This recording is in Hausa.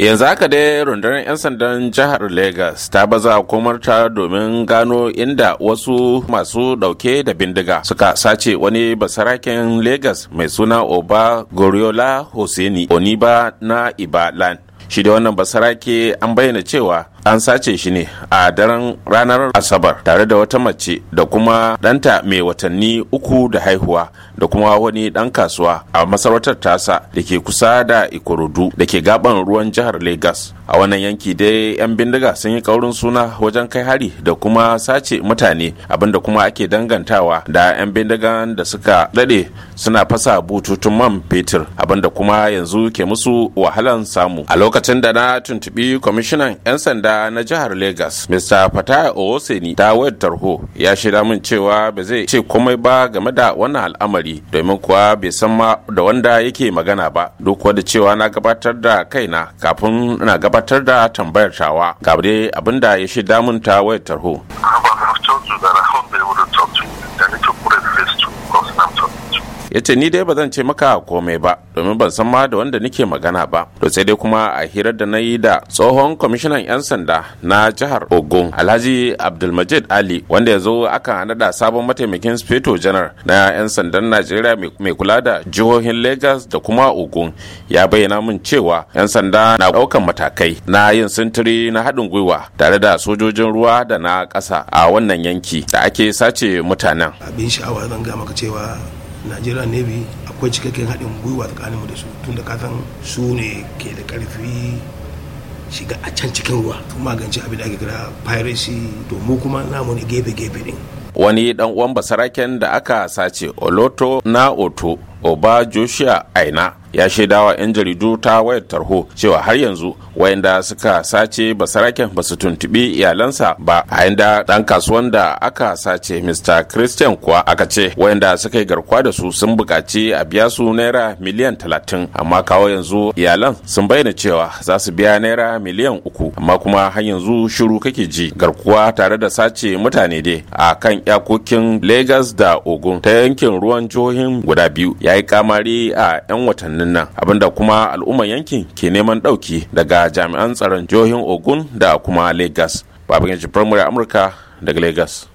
yanzu haka dai rundunar 'yan sandan jihar Legas ta baza komarta domin gano inda wasu masu dauke da bindiga suka sace wani basaraken Legas mai suna oba goriola hosseini oniba na ibalan shi da wannan basarake an bayyana cewa an sace shi ne a daren ranar asabar tare da wata mace da kuma danta mai watanni uku da haihuwa da kuma wani ɗan kasuwa a masarautar tasa da ke kusa da ikorodu da ke gaban ruwan jihar Legas. a wannan yanki dai 'yan bindiga sun yi kaurin suna wajen kai hari da kuma sace mutane abinda kuma ake dangantawa da 'yan bindigan da suka dade suna fasa bututun man fetur abinda kuma yanzu ke musu wahalan samu a lokacin da na tuntubi kwamishinan 'yan sanda makaranta na jihar Legas, Mr. Fataya Owoseni ta wayar tarho ya shaida min cewa ba zai ce komai ba game da wannan al'amari domin kuwa bai san ma da wanda yake magana ba duk da cewa na gabatar da kaina kafin na gabatar da tambayar tawa. Gabriel abinda ya shaida min ta wayar tarho. ya ce ni dai ba zan ce maka komai ba domin ban san ma da wanda nike magana ba to sai dai kuma a hirar da na yi da tsohon kwamishinan 'yan sanda na jihar ogun alhaji abdulmajid ali wanda ya zo aka naɗa sabon mataimakin speto janar na 'yan sandan najeriya mai kula da jihohin lagos da kuma ogun ya bayyana min cewa 'yan sanda na ɗaukan matakai na yin sintiri na haɗin gwiwa tare da sojojin ruwa da na ƙasa a wannan yanki da ake sace mutanen abin sha'awa zan ga maka cewa najeriya bi akwai cikakken haɗin gwiwa mu da su tun da kasan su ne ke da ƙarfi shiga a can cikin ruwa su magance abin da ake kira piracy to mu kuma namu ne gefe-gefe ɗin wani dan uwan basaraken da aka sace oloto na oto oba joshua aina ya shaidawa 'yan jaridu ta wayar tarho cewa har yanzu wayanda suka sace basaraken ba su tuntubi iyalansa ba a inda dan kasuwan da aka sace mr christian kuwa aka ce wayanda suka yi garkuwa da su sun buƙaci a biya su naira miliyan talatin amma kawo yanzu iyalan sun bayyana cewa za su biya naira miliyan uku amma kuma har yanzu shiru kake ji garkuwa tare da sace mutane dai a kan iyakokin lagos da ogun ta yankin ruwan jihohin guda biyu ya yi kamari a 'yan watanni birnin nan abinda kuma al'ummar yankin ke neman ɗauki daga jami'an tsaron jihohin ogun da kuma lagos babu jibrin murya amurka daga lagos